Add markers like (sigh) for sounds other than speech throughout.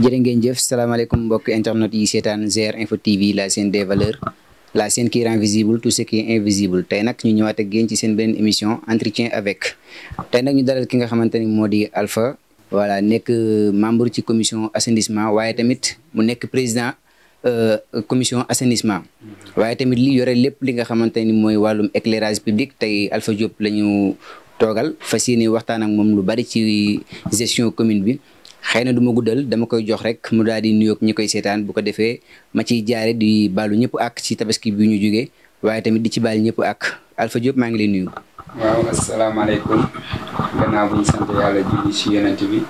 jërë ngeen jëf salaamaaleykum mbokk internet yi seetaan GR Info TV la chaîne des valeurs la chaîne qui rend visible tout ce qui invisible tey nag ñu ñëwaat ak yéen ci seen benn émission entretien avec tey nag ñu dalal ki nga xamante ni moo di Alpha voilà nekk euh, membre ci commission assenissement waaye tamit mu nekk président euh, commission assenissement waaye tamit li yore lépp li nga xamante ni mooy wàllum éclairage public tey Alpha Diop la ñu toogal fas yéene waxtaan ak moom lu bari ci gestion commune bi xeyna duma guddal dama koy jox rek mu daal di nuyoog ñi koy seetaan bu ko defee ma ciy jaare di baalu ñëpp ak ci tabaski bi ñu jógee waaye tamit di ci baal ñëpp ak Alpha Diop maa ngi lay nuyu. waaw asalaamaaleykum gannaaw bu ñu sant yàlla julli ci yonent bi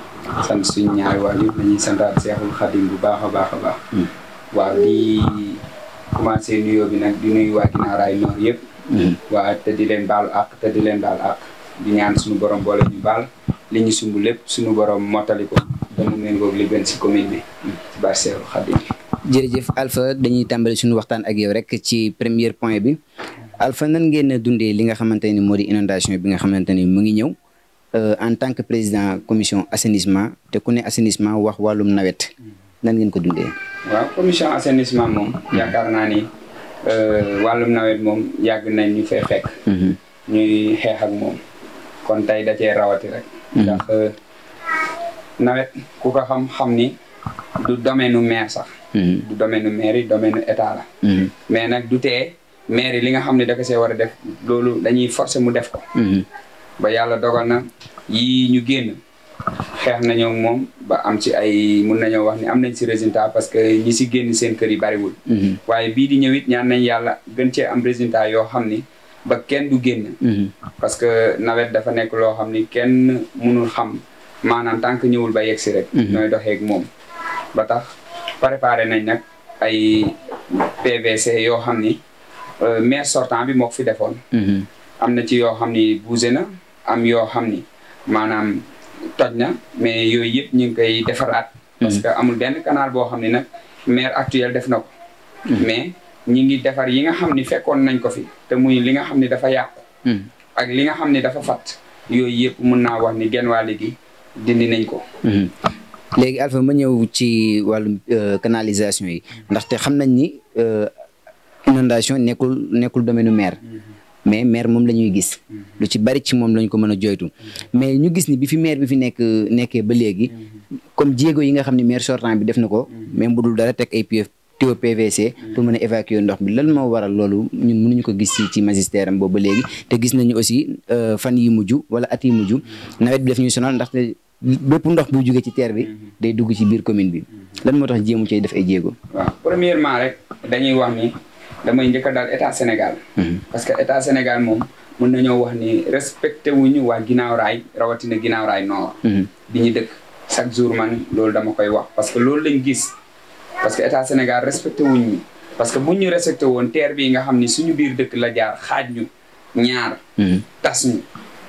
sant suñu ñaari waajur dañuy santaat Seexul Xadim bu baax a baax a baax. Hmm. waaw di commencé nuyoo bi nag di nuyu waa Guinaw Rails Nord yëpp. Hmm. waa te di leen baalu ak te di leen baal ak di ñaan suñu borom boole ñu baal li ñu sumb lépp suñu borom mottali ko. te mu bi ci Barseeru jërëjëf Alpha dañuy tàmbali suñu waxtaan ak yow rek ci premier point bi Alpha nan ngeen dundee li nga xamante ni moo di inondation bi nga xamante ni mu ngi ñëw euh, en tant que président commission assainissement te ku ne assainissement wax wàllum nawet nan ngeen ko dundee. waaw commission assainissement moom hmm. yaakaar naa ni euh, wàllum nawet moom yàgg nañ ñu fay fekk. Hmm. ñuy xeex ak moom kon tey da rawati rek. Hmm. Euh, nawet ku ko xam-xam ni du domaine nu maire sax. Mm-hmm. du domaine nu maire yi domaine nu état la. Mm-hmm. mais nag du tee maire yi li nga xam ne da see war a def loolu dañuy forcer mu def ko. Mm-hmm. ba yàlla dogal na yi ñu génn xeex nañoo moom ba am ci ay mun nañoo wax ni am nañ si résultat parce que ñi si génn seen kër yi bariwul. waaye bii di ñëw it ñaan nañ yàlla gën cee am résultat yoo xam ni. ba kenn du génn. parce que nawet dafa nekk loo xam ni kenn mënul xam. maanaam tant que ñëwul ba yegsi rek. Mhm. nooy doxeeg moom ba tax préparer nañ nag ay PVC yoo xam ni euh, maire sortant bi moo ko fi defoon. Mhm. am na ci yoo xam ni bougé na am yoo xam ni maanaam toj na mais yooyu yëpp ñu ngi koy defaraat. Mhm. parce que amul benn kanaal boo xam ne nag maire actuel def na ko. mais ñi ngi defar yi nga xam ni fekkoon nañ ko fi te muy li nga xam ni dafa yàqu. ak li nga xam ni dafa fat yooyu yëpp mun naa wax ni genn wàll gi. dindi nañ ko. Mhm. léegi Alpha ma ñëw ci wàllum euh, canalisation yi ndaxte xam nañ ni euh, inondation nekkul nekkul domaine maire mhm. mais maire moom la ñuy gis mhm. lu ci bari ci moom lañ ko mën a joytu mais ñu gis ni bi fi maire bi fi nekk nekkee ba léegi comme jéego yi nga xam ni maire sortant bi def na ko même bu dul dara teg ay tuyau PVC mm. pour mën a évacuer ndox mi lan moo waral loolu ñun mënuñu ko gis ci ci magistère am boobu ba léegi te gis na nañu aussi euh, fan yi mujj wala at yi mujj mm. nawet bi daf ñuy sonal ndaxte bépp ndox bu jógee ci teer bi mm-hmm. day dugg ci biir commune bi mm-hmm. lan moo tax jéemu cay def ay jéego. waaw premièrement rek dañuy wax ni damay njëkk a daal état Sénégal. Mm-hmm. parce que état Sénégal moom mën nañoo wax ni respecté wuñu waa ginaaw raay rawatina ginnaaw raay noor. bi dëkk chaque jour man loolu dama parce que état Sénégal respecté wuñ parce que buñ ñu respecté woon teer bi nga xam ni suñu biir dëkk la jaar xaaj ñu ñaar hmm. tas ñu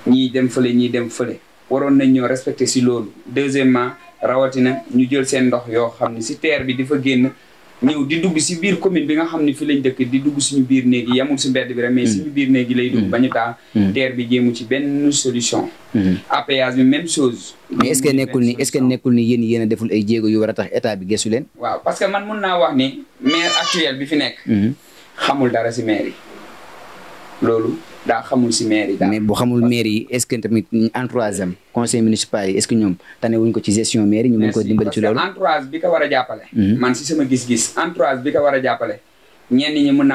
ñii dem fële ñii dem fële waroon nañ ñoo respecté si loolu deuxièmement rawatina ñu jël seen ndox yoo xam ni si teer bi di fa génn ñëw di dugg si biir commune bi nga xam ne fi lañ dëkk di dugg suñu biir néeg yi yamul si mbedd bi rek mais hmm. suñu biir néeg lay dugg hmm. bañu taa hmm. terre bi jéemu ci benn solution appayage bi même chose mais est ce nekkul ni est ce nekkul ni yéen yéen a deful ay jéego yu war a tax état bi gëstu leen waaw parce que man mun naa wax ni maire actuel bi fi nekk xamul dara si maire yi loolu daa xamul si maire yi. mais bu xamul maire yi est ce que tamit entourage am conseil municipal yi est ce que ñoom tane wuñ ko ci gestion maire yi ñu bi ko war a jàppale. Mhm. man si sama gis-gis naa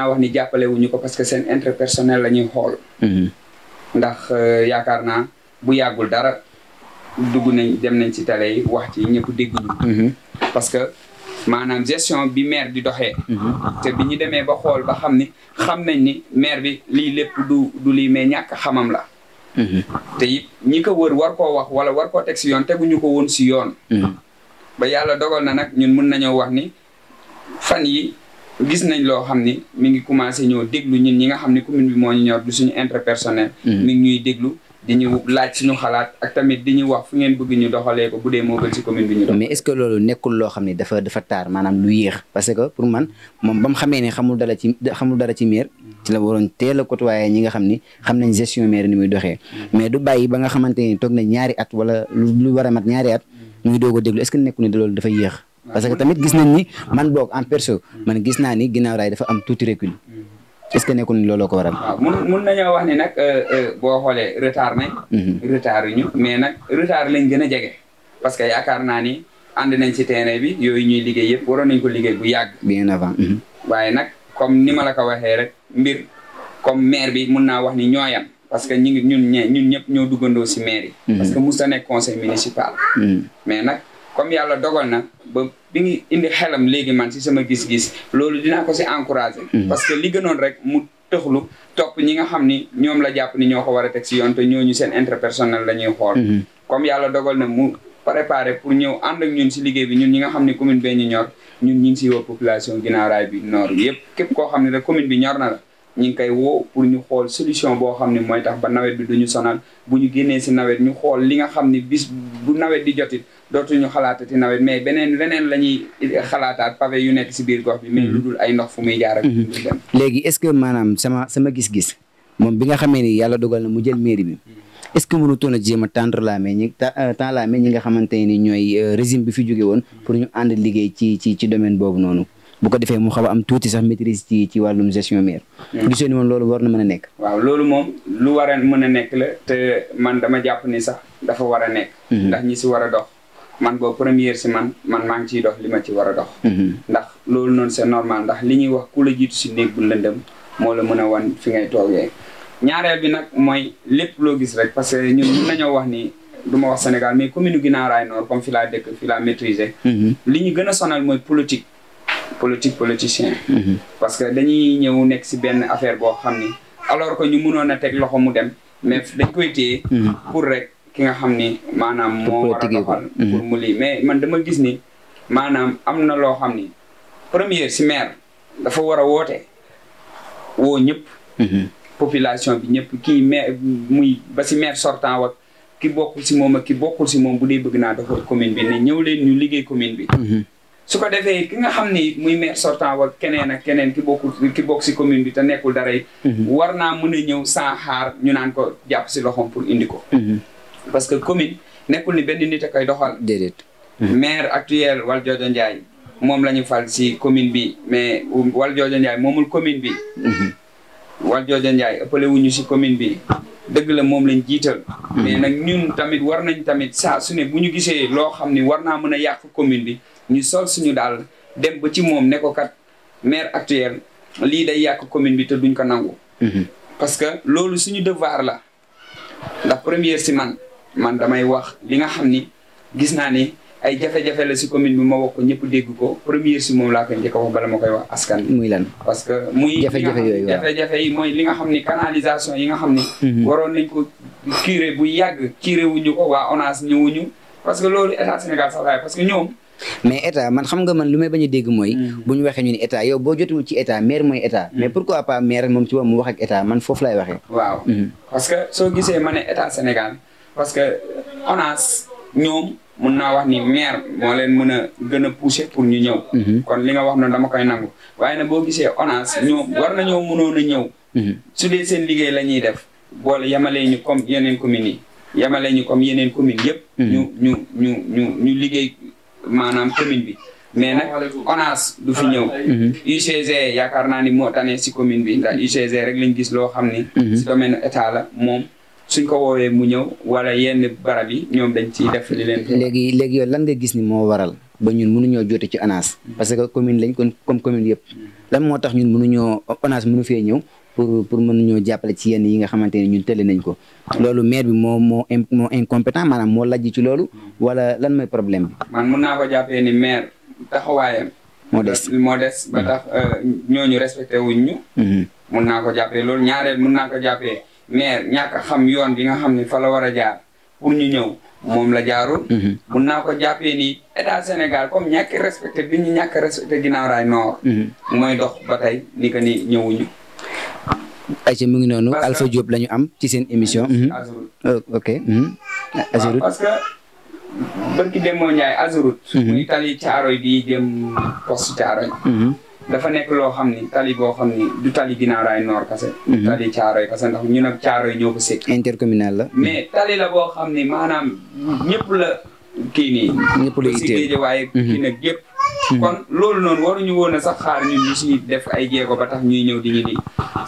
wax ni jàppale wuñu ko parce que seen intérêt personnel la ñuy xool. Mhm. ndax euh, yaakaar naa bu yàggul dara dugg nañ dem nañ ci télé wax ci ñëpp dégguñu. Mhm. parce que. maanaam gestion bi maire di doxee te bi ñu demee ba xool ba xam ni xam nañ ni maire bi lii lépp du du lii mais ñàkk xamam la te ñi ko wër war koo wax wala war koo teg si yoon teguñu ko woon si yoon ba yàlla dogal na nag ñun mun nañoo wax ni fan yi gis nañ loo xam ni mi ngi commencé ñoo déglu ñun ñi nga xam ni commune bi moo ñu ñor du suñu intérêt personnel mi ngi ñuy déglu di ñu laaj suñu xalaat ak tamit di ñu wax fu ngeen bëgg ñu doxalee ko bu dee moo gën si commune bi ñu dox mais est loolu nekkul loo xam ne dafa taar maanaam lu yéex parce que pour man moom ba mu xamee ne xamul dara ci xamul ci maire ci la waroon teel a waaye ñi nga xam ni xam nañ gestion maire ni muy doxee mais du bàyyi ba nga xamante ni toog na ñaari at wala lu war a mat ñaari at ñuy doog a déglu est-ce que nekkul ne loolu dafa yéex parce que tamit gis nañ ni man boog en perso man gis naa ni ginnaaw raay dafa am tuuti recul est ce que nekkul ni looloo ko waral. waaw ah, mun mun nañoo wax ni nag euh, euh, boo xoolee retard nañ. Mm-hmm. retard ñu mais nag retard lañ gën a jege. parce que yaakaar naa ni ànd nañ ci terrain bi yooyu ñuy liggéey yëpp waroon nañ ko liggéey bu yàgg. bien avant. Mm-hmm. waaye nag comme ni ma la ko waxee rek mbir comme maire bi mun naa wax ni ñooyam parce que ñu ngi ñun ñun ñëpp ñoo duggandoo si maire yi. Mm-hmm. parce que mus na conseil municipal. mais nag. comme yàlla dogal na ba bi ngi indi xelam léegi man si sama gis-gis loolu dinaa ko si encouragé. Mm. parce que li gënoon rek mu tëxlu topp ñi nga xam ni ñoom la jàpp ni ñoo ko war a teg si yoon seen interpersonnel la ñuy xool. Mm-hmm. comme yàlla dogal na mu préparé pour ñëw ànd ak ñun si liggéey bi ñun ñi nga xam ni commune bee ñu ñor ñun ñu ngi si woo population ginnaaw bi noor yëpp képp koo xam ne rek commune bi ñor na la. ñu ngi koy woo pour ñu xool solution boo xam ne mooy tax ba nawet bi ñu sonal bu ñu génnee si nawet ñu xool li nga xam ne bis bu nawet di jotit dootuñu xalaatati nawet mais beneen leneen la ñuy xalaataat pavé yu nekk si biir gox bi mais lu dul ay ndox fu muy jaar ak mhm. dem léegi est-ce que maanaam sama sama gis-gis moom bi nga xamee ni yàlla dogal na mu jël mairie bi est-ce que mënutoon a jéem a tendre la main ñi euh, temps la main ñi nga xamante ni ñooy euh, régime bi fi jóge woon pour ñu ànd liggéey ci ci ci domaine boobu noonu bu ko defee mu xaw a am tuuti sax maîtrise ci ci wàllum gestion mère. gisoo ni moom loolu war na mën a nekk. waaw loolu moom lu war a mën a nekk la te man dama jàpp ni sax dafa war a nekk. Mm-hmm. ndax ñi si war a dox man boo première si man man maa ngi ciy dox li ma ci war a dox. Mm-hmm. ndax loolu noonu c'est normal ndax li ñuy wax ku la jiitu si néeg bu lëndëm moo la mën a wan fi ngay toogee. ñaareel bi nag mooy lépp loo gis rek parce que ñun mun nañoo wax ni duma wax Sénégal mais commune Guinaw Rails Nord comme fi laa laa maîtriser. Mm-hmm. li ñu gën a politique politicien. Mhm. parce que dañuy ñëw nekk si benn affaire boo xam ni alors que ñu munoon a teg loxo mu dem mais dañ koy téye. Mhm. pour rek ki nga xam ni maanaam moo war a doxal mhm. pour mu lii mais man dama gis ni maanaam am na loo xam ni première si dafa war a woote woo ñëpp. population bi ñëpp kii maire muy ba si maire sortant wak ki bokkul si moom ak ki bokkul si moom bu dee bëgg naa doxal commune bi ne ñëw leen ñu liggéey commune bi. su ko defee ki nga xam ni muy maire sortant wa keneen ak keneen ki bokkul ki bokk si commune bi ta nekkul daray yi mhm. war naa mën a ñëw sans xaar ñu naan ko jàpp si loxoom pour indi ko mhm. parce que commune nekkul ni benn nit a koy doxal déedéet mhm. maire actuel Valdiodio Ndiaye moom la ñu fal si commune bi mais Valdiodio Ndiaye moomul commune bi Valdiodio Ndiaye ëppale wuñu si commune bi dëgg la moom lañ jiital mais nag ñun tamit war nañ tamit saa su ne bu ñu gisee loo xam ni war naa mën a yàq commune bi ñu sol suñu daal dem ba ci moom ne kat maire actuel lii day yàq commune bi te duñ ko nangu. Mhm. parce que loolu suñu devoir la ndax première si man man damay wax li nga xam ni gis naa ni ay jafe-jafe la si commune bi ma wax ko ñëpp dégg ko première si moom laa koy njëkk a wax bala ma koy wax askan bi. muy lan parce que muy jafe-jafe yooyu jafe-jafe yi mooy li nga xam ni canalisation yi nga xam ni. Mhm. waroon nañ ko curé bu yàgg. curé wuñu ko waa ONAS ñëwuñu parce que loolu état Sénégal sax waaye ñoom. mais état man xam nga man lu may bañ a dégg mooy. Mm. bu ñu waxee ñu ne état yow boo jotul ci état maire mooy état. Mm. mais pourquoi pas maire moom ci moom mu wax ak état man foofu laay waxee. Mm-hmm. parce que soo gisee ma ne état Sénégal parce que ONAS ñoom mun naa wax ni maire moo leen mën a gën a pousser pour ñu ñëw. Mm-hmm. kon li nga wax noonu dama koy nangu waaye nag boo gisee ONAS ñoom war nañoo mënoon a ñëw. Mm-hmm. su dee seen liggéey la ñuy def boole yemalee ñu comme yeneen communes yi yemalee ñu comme yeneen communes yëpp. ñu ñu ñu ñu liggéey. maanaam commune bi mais nag ONAS du fi ñëw UCG yaakaar naa ni moo tane si commune bi ndax UCG rek lañ gis loo xam ni si mhm. domaine état la moom suñ ko woowee mu ñëw wala yenn barab yi ñoom dañ ciy def li leen léegi léegi yow lan nga gis ni moo waral ba ñun munu mënuñoo jote ci ONAS mhm. parce que commune lañ kon comme commune yëpp mhm. lan moo tax ñun mënuñoo ONAS mënu fee ñëw pour pour mën ñoo jàppale ci yenn yi nga xamante ne ñun tële nañ ko loolu maire bi moo moo moo incompétent maanaam moo lajj ci loolu wala lan mooy problème bi. man mun naa ko jàppee ni maire taxawaayam. moo des moo des ba tax mm-hmm. euh, ñooñu respecté wuñ ñu. Mm-hmm. naa ko jàppee loolu ñaareel mun naa ko jàppee maire a xam yoon bi nga xam ni fa la war a jaar pour ñu ñëw. moom la jaarul. Mm-hmm. mun naa ko jàppee ni état Sénégal comme ñàkk respecté bi ñu ñàkk respecté noor. mooy dox ba ni que ni ñëwuñu. Aïcha mu ngi noonu Alpha Diop la am ci seen émission. Mhm. Oh, ok. Mhm. Azurut parce que barki Demba Ndiaye Azurut. Mhm. muy tali caaroy bi dem poste caaroy. dafa nekk loo xam ni tali boo xam ni du tali ginnaaw raay noor kase. tali caaroy kase ndax ñun ak caaroy ñoo ko sekk. intercommunal la. mais tali la boo xam ni maanaam ñëpp la kii nii. ñëpp la itteel waaye kii nag yëpp. kon loolu noonu waruñu woon a sax xaar ñun ñu si def ay jéego ba tax ñuy ñëw di ñu di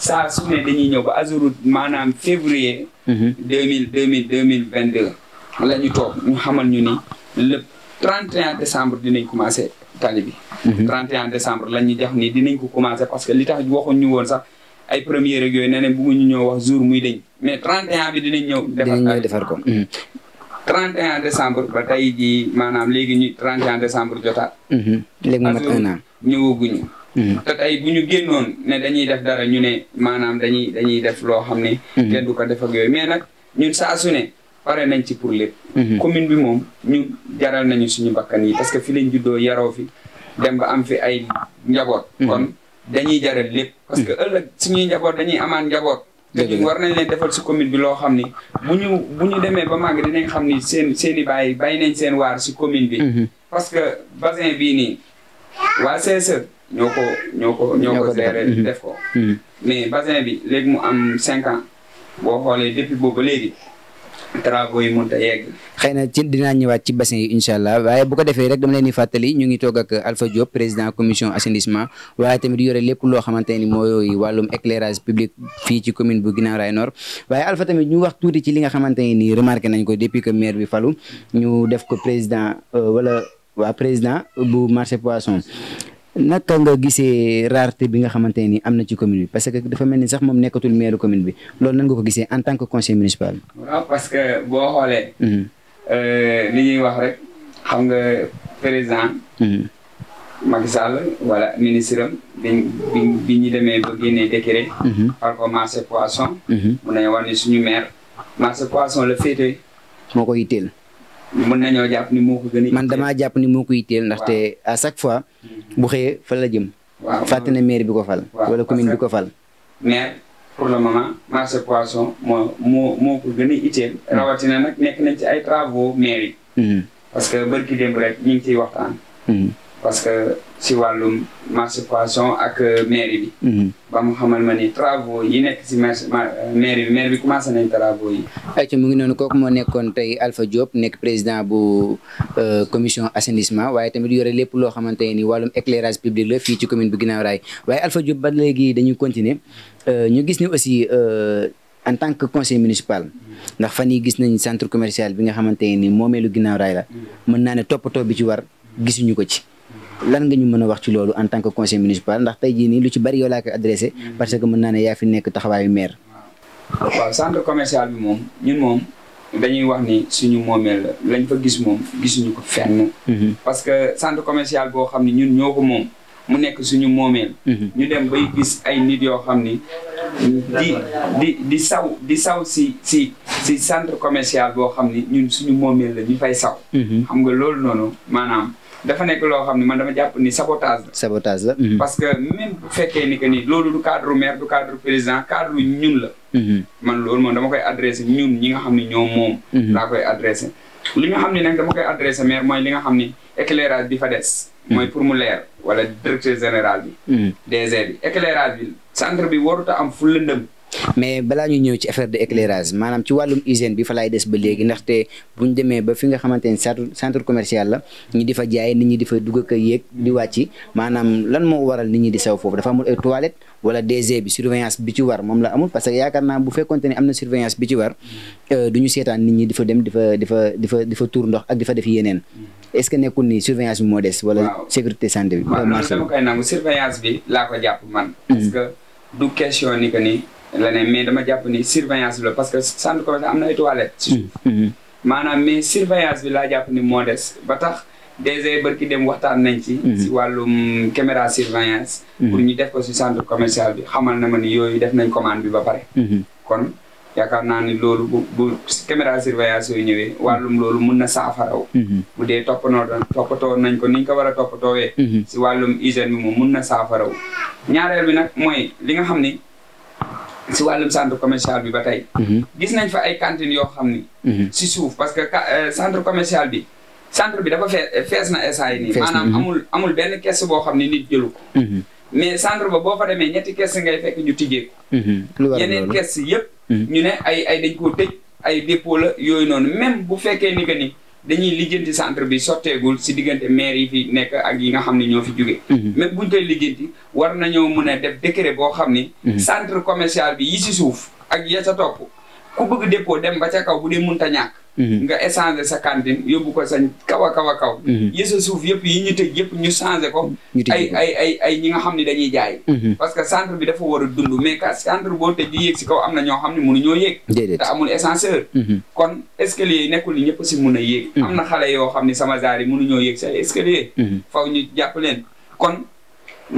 saa su dañuy ñëw ba azuru maanaam février. Mhm. deux mille deux mille deux mille vingt deux la ñu toog ñu xamal ñu ni le 31 décembre dinañ commencé tali bi. 31 mhm. décembre lañ ñu jox ni dinañ ko commencé parce que li tax waxuñ ñu woon sax ay première ak yooyu nee nañ bëgguñu ñëw wax jour muy dañ mais 31 bi dinañ ñëw. defar ko mhm. 31 décembre ba tey jii maanaam léegi ñu 31 décembre jotaat. Mhm. léegi mu mat un an ñëwaguñu. Mhm. te bu ñu génnoon ne dañuy def dara ñu ne maanaam dañuy dañuy def loo xam ne. Mhm. kenn du ko def ak yooyu mais nag ñun saa su pare nañ ci pour lépp. commune bi moom ñu jaral nañu suñu bakkan yi parce que fi lañ juddoo yaroo fi dem ba am fi ay njaboot. kon dañuy jaral lépp. parce que ëllëg suñuy njaboot dañuy amaan njaboot. dëgg war nañ leen defal si commune bi loo xam ni bu ñu bu ñu demee ba màgg dinañ xam ni seen seen i bàyyi nañ seen waar si commune bi. Mhm. parce que bassin bii nii waa CSE ñoo ko ñoo ko ñoo ko géré mhm. def ko. Mhm. mais bassin bi léegi mu am cinq ans boo xoolee depuis boobu ba léegi. travaux yi mënut yegg. xëy na ci dinaa ñëwaat ci bassin yi incha allah waaye bu ko defee rek dama leen di fàttali ñu ngi toogak ak Alpha Diop président commission assainissement waaye tamit yore lépp loo xamante ni mooy wàllum éclairage public fii ci commune bu Guinaw Rails Nord waaye Alpha tamit ñu wax tuuti ci li nga xamante ne nii remarqué nañ ko depuis que maire bi falu ñu def ko président euh, wala waa président bu marché poisson. naka nga gisee rareté bi nga xamante ne ni am na ci commune bi parce que dafa mel ni sax moom nekkatul maire commune bi loolu nan ko gisee en tant que conseil municipal. waaw parce que boo xoolee. Mhm. Euh, li ñuy wax rek xam nga président. Mhm. Macky Sall wala ministre am biñ bi ñu demee ba génnee décret. Mhm. par rapport marché poisson. mu ne war suñu maire marché poisson la féetee. moo ko yitteel. mën nañoo jàpp ni ko gën man damaa jàpp ni moo ko yitteel ndaxte à chaque fois bu xëyee fa la jëm waaw fàtte na maire bi ko fal wala commune bi ko fal maire pour le moment marché poisson moo moo moo ko gën a itteel hmm. rawatina nag nekk nañ ci ay travaux mairie hmm. parce que bërki démb rek ñu ngi ciy waxtaan hmm. parce que si wàllum masturbation ak euh, mairie bi. Mhm. ba mu xamal ma ni travaux yi nekk si euh, mairie bi mairie bi commencé nañ travaux yi. ayca mu ngi noonu kooku moo nekkoon tey alfa Diop nekk président bu euh, commission assainissement waaye tamit yore lépp loo xamante ni wàllum éclairage public la fii ci commune bu Guinaw waaye Alpha Diop ba léegi dañuy continuer ñu gis ni aussi. en tant que conseil municipal ndax fan yii gis nañ centre commercial bi nga xamante ni moomeelu Guinaw Rail la ne toppatoo bi ci war gisuñu ko ci lan nga ñu mën a wax ci loolu en tant que conseil municipal ndax tey jii nii lu ci bari yow laa koy adressé mm. parce que mën naa ne yaa fi nekk taxawaayu maire. waaw centre commercial bi moom ñun moom dañuy wax ni suñu moomeel lañ fa gis moom gisuñu ko fenn. Mm-hmm. parce que centre commercial boo xam ne ñun ñoo ko moom mu nekk suñu moomeel. Mm-hmm. ñu dem bay gis ay nit yoo xam ni di di saw di saw si si si centre commercial boo xam ni ñun suñu moomeel la ñu fay saw. Mm-hmm. xam nga loolu noonu maanaam. dafa nekk loo xam ne man dama jàpp ni sabotage la. Mhm. parce que même bu fekkee ni que ni loolu du cadre maire du cadre président cadre ñun la. Mhm. man loolu moom dama koy adressé ñun ñi nga xam ne ñoom moom. Mhm. laa koy adressé. li nga xam ne nag dama koy adressé maire mooy li nga xam ni éclairage bi fa des. mooy pour mu leer wala directeur général bi. DG bi éclairage bi centre bi warut a am fu lëndëm. mais balaa ñu ñëw ci affaire de éclairage maanaam ci wàllum hygiène bi fa laay des ba léegi ndaxte bu demee ba fi nga xamante centre commercial la fa jaay nit ñi fa dugg ak yéeg di wàcc maanaam lan moo waral nit ñi di saw foofu dafa amul ay toilette wala DG bi surveillance bi ci war moom la amul parce que yaakaar naa bu fekkonte ne am na surveillance bi euh, fa dem di fa di fa di fa di fa tuur ndox fa def yeneen est-ce que nekkul ni surveillance bi moo des wala sécurité santé bi. waaw loolu dama koy surveillance bi laa ko jàpp man. Hmm. parce que du question la ne mais dama jàpp ni surveillance bi la parce que centre commercial am na ay mm, mm, mm. maanaam mais surveillance bi laa jàpp ni moo des ba tax DG bërki dem waxtaan nañ ci. Mm-hmm. si wàllum caméra surveillance. Mm-hmm. ñu def ko si centre bi xamal na ma ni yooyu def nañ commande bi ba pare. Mm-hmm. kon yaakaar naa ni loolu bu bu caméra ñëwee wàllum loolu mun na saafaraw. bu dee toppatoo toppatoo nañ ko ni ñu ko war a toppatoowee. si wàllum hygiène bi moom mun na saafaraw ñaareel bi nag mooy li nga xam ni. si wàllum centre commercial bi ba tey. Mhm. gis nañ fa ay cantines yoo xam ni. si mhm. suuf parce que euh, centre commercial bi centre bi dafa fee fees na instant yii nii. maanaam mhm. amul amul benn kees boo xam ni nit jëlu ko. mais centre ba boo fa demee ñetti kees ngay fekk ñu tijjee ko. yeneen kees yëpp. ñu ne ay ay dañ koo tëj ay dépôt la yooyu noonu même bu fekkee ni que ni. dañuy lijjanti centre bi sotteegul si diggante maire yi fi nekk ak yi nga xam ne ñoo fi jóge même buñ koy lijjanti war nañoo mën a def décret boo xam ni mhm. centre commerciale bi yi si suuf ak ya sa topp ku bëgg dépôt dem ba ca kaw bu dee mënta ñàkk Mhm. nga échanger sa cantine yóbbu ko sañ kaw a kaw a kaw mhm. yësa suuf yëpp yi ñu tëj yëpp ñu changé ko ay ay ñi nga xam ne dañuy jaay mhm. parce que centre bi dafa war a dund mais que centre boo tëj di yéeg si kaw am na ñoo xam ne mënuñoo yéeg te amul ascenseur kon escalier ni ñëpp si mun a yéeg am na xale yoo xam ne sama zaar yi mënuñoo yéeg si ay escalier faw ñu jàpp leen kon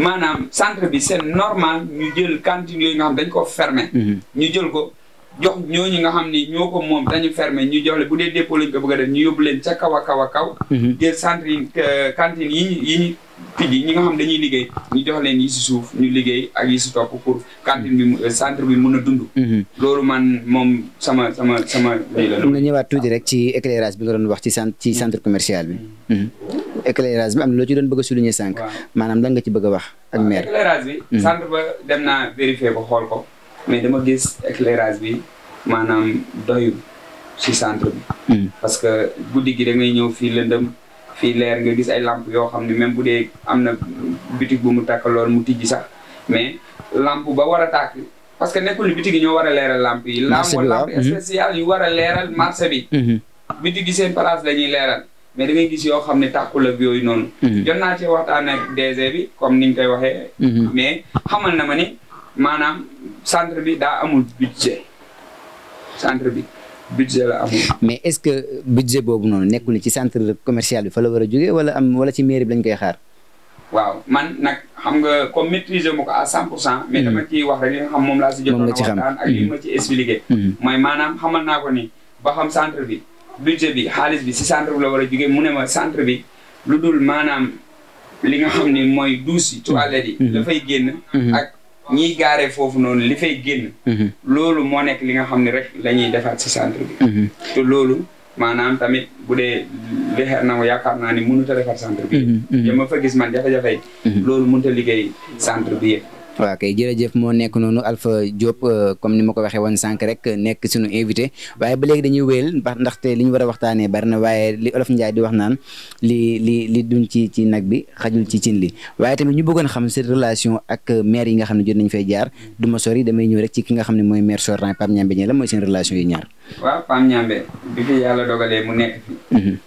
maanaam centre bi c'est normal ñu jël cantine yooyu nga xam dañ ko fermé ñu jël ko jox ñooñu nga xam ni ñoo ko moom dañu fermer ñu jox bu dee dépôt lañ ko bëgg a def ñu yóbbu leen ca kaw a kaw a kaw. Mhm. jël centre yi euh, cantine yi ñu yi ñu tijji liggéey ñu suuf ñu liggéey ak yi si topp pour cantine bi euh, centre bi mun a dund. Mhm. loolu man moom sama sama sama. mun na ñëwaat tuuti rek ci éclairage bi nga doon wax ci centre ci centre commercial bi. Mhm. éclairage bi am na loo ci doon bëgg a souligner sànq. maanaam lan nga ci bëgg a wax ak maire. éclairage bi. centre ba xool ko. mais dama gis éclairage bi maanaam doyul ci centre bi. Hmm. parce que guddi gi da ngay ñëw fii lëndëm fii leer nga gis ay lamp yoo xam ne même bu dee am na bitig bu mu takk lool mu tijji sax mais lamp ba war a tàkk parce que nekkul bitig yi ñoo war a leeral lamp yi. marché bi lamp hmm. spécial yu war a leeral marché bi. Hmm. bitig seen place la ñuy leeral. mais da ngay gis yoo xam ne tàkkul ak yooyu noonu. jot naa ci waxtaan ak DG bi comme niñ koy waxee. mais xamal na ma ni. maanaam centre bi daa amul budget centre bi budget la amul. mais est-ce que budget boobu noonu nekkul ni ci centre commercial bi fa la war a jógee wala am wala ci mairie bi lañ koy xaar. waaw man nag xam nga comme maîtriser ma ko à cent pour cent. mais dama hmm. ciy wax rek li nga xam moom laa si jotoon waxtaan ak li ma hmm. ci expliqué. Hmm. mooy maanaam naa ko ni ba xam centre bi budget bi xaalis bi si centre bi la war a jógee mu ne ma centre bi lu dul maanaam li nga xam ni mooy douche yi toilette yi dafay génn ak ñiy gaaree foofu noonu li fay génn. Mhm. loolu moo nekk li nga xam ne rek la defaat si centre bi. Mhm. te loolu maanaam tamit bu dee li xeer na ko yaakaar naa ni mënut a defar centre bi. ya mhm. ma fa gis man jafe-jafe loolu mënut a liggéey centre bi yëpp. waaw kay jërëjëf moo nekk noonu Alpha Diop euh, comme ni ma ko waxee woon sànq rek nekk suñu invité waaye ba léegi dañuy wéyal ndaxte li ñu war a waxtaanee bari na waaye li olof Njaay di wax naan li duñ ci ci nag bi xajul ci cin li waaye tamit ñu bëggoon xam seen relation ak euh, maire yi nga xam ne jot nañ fay jaar du ma sori damay ñëw rek ci ki nga xam ne mooy maire sortant Pape Niambé ñi la mooy seen relation yi ñaar. waaw Pape Niambé bi fi yàlla dogalee mu nekk fi. Mm-hmm.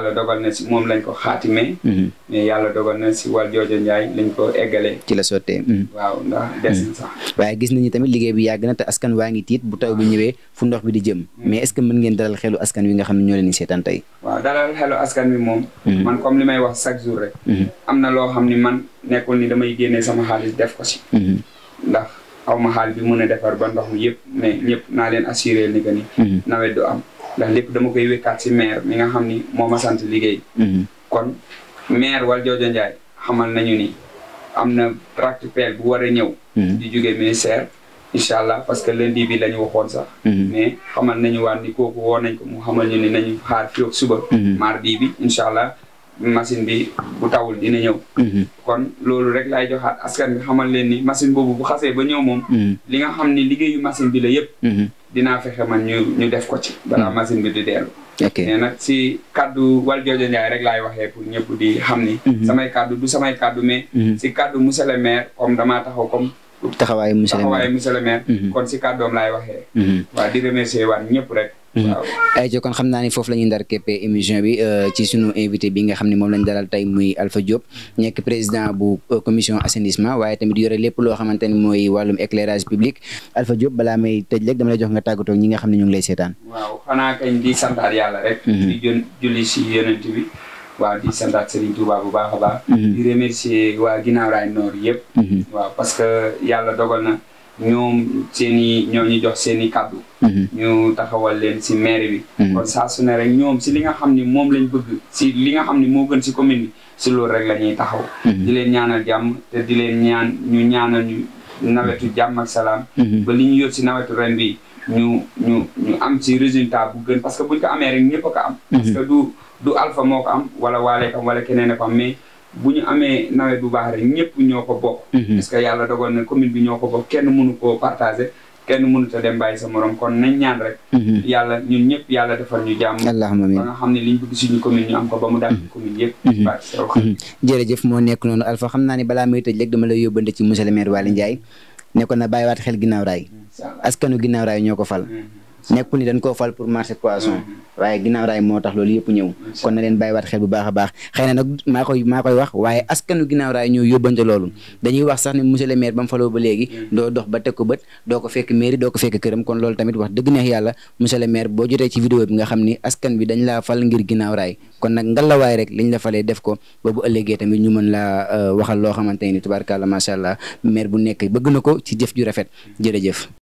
doon Mm-hmm. mais yàlla dogal na si wàll joojo Ndiaye lañ ko eggalee. ci la sottee. Mm-hmm. waaw ndax des na sax. Mm-hmm. waaye gis nañu tamit liggéey bi yàgg na te askan waa ngi tiit bu taw bi ñëwee fu ndox bi di jëm. mais est que mën ngeen dalal xelu askan wi nga xam ne ñoo leen di seetaan tey. waaw dalal xelu moom. man comme li may wax chaque jour rek. am na loo xam ni man nekkul ni damay génne sama xaalis def ko si. ndax aw ma xaalis bi mën a defar ba ndox mi yëpp mais ñëpp naa leen assuré ni que ni. nawet du am ndax lépp dama koy wékkaat xam ni moo ma sant liggéey maire Valdiodio Ndiaye xamal nañu ni am na tractopelle bu war a ñëw. Mm-hmm. di jóge ministère. incha allah parce que lundi bi lañu ñu waxoon sax. Mm-hmm. mais xamal nañu waan ni kooku woo nañ ko mu xamal ñu ni nañu xaar fii ak suba. Mm-hmm. mardi bi incha allah machine bi bu tawul dina ñëw. kon loolu rek laay joxaat askan bi xamal leen ni machine boobu bu xasee ba ñëw moom. li nga xam ni liggéeyu machine bi la yëpp. dinaa fexe man ñu ñu def ko ci. balaa machine bi di dellu. (laughs) ok mais si kaddu wal joojo Ndiaye rek laay waxee pour ñëpp di xam ni. Mhm. samay kaddu du samay kaddu me si mhm. kaddu monsieur le maire comme damaa taxaw comme. taxawaayu monsieur le maire taxawaayu monsieur le mhm. kon si kaddoom laay waxee. waa di remercier waat ñëpp rek. Mhm. ay a xam naa ne foofu la ñuy ndar képpee émission bi euh, ci sunu invité bi nga xam ne moom lañ dalal tey muy Alpha Diop nekk président bu euh, commission assainissement waaye tamit yore lépp loo xamante ne mooy wàllum éclairage public Alpha Diop balaa may tëj rek dama lay jox nga tàggatoo ñi nga xam ne ñu ngi lay seetaan. waaw xanaa kañ di santaat yàlla rek. Mhm. di jël julli si yonent bi. waaw di santaat Serigne Touba a baax a baax. Mhm. di remercier waa ginnaaw raay noor ñoom seen i ñoo ñu jox seeni i mhm. ñu taxawal leen si maire bi mhm. kon saa su ne rek ñoom si li nga xam ni moom lañ bëgg si li nga xam ni moo gën si commune bi si loolu rek la ñuy taxaw mhm. di leen ñaanal jàmm te di leen ñaan ñu ñaanal ñu nawetu jàmm ak salaam ba li ñu yor si nawetu ren bi ñu ñu ñu am si résultat bu gën parce que buñ ko amee rek ñëpp a ko am parce que du du moo am wala waaleekam wala keneen a am mais bu ñu amee nawet bu baax rek ñëpp ñoo ko bokk. Mhm. parce que yàlla dogal na commune bi ñoo ko bokk kenn mënu koo partagé kenn mënut a dem bàyyi sa morom kon nañ ñaan rek. Mhm. yàlla ñun ñëpp yàlla defal ñu jàmm. allahumma amiin ba nga xam ne liñ bëgg suñu commune ñu am ko ba mu daal mhm. commune yëpp. jërëjëf moo nekk noonu Alpha xam naa ne balaa may tëj léegi dama lay yóbbante ci monsieur le maire Waly Ndiaye nekkoon na bàyyiwaat xel ginnaaw raay askanu ginnaaw raay ñoo ko fal. nekkul ni dañ koo fal pour marché poisson mm-hmm. waaye ginnaaw raay moo tax loolu yëpp ñëw mm-hmm. kon na leen bàyyiwaat xel bu baax a baax xëy na nag maa koy maa koy wax waaye askanu ginnaaw raay yóbbante loolu mm-hmm. dañuy wax sax ni monsieur le maire ba mu faloo ba léegi doo dox ba teg ko bët doo ko fekk mairie doo ko fekk këram kon loolu tamit wax dëgg neex yàlla monsieur le maire boo jotee ci vidéo bi nga xam ni askan bi dañ laa fal ngir ginnaaw raay kon nag ngalawaay rek liñ la falee def ko ba bu tamit ñu mën laa euh, waxal loo xamante ni tubaarkàlla macha allah maire bu nekk bëgg ko ci jëf ju rafet jërëjëf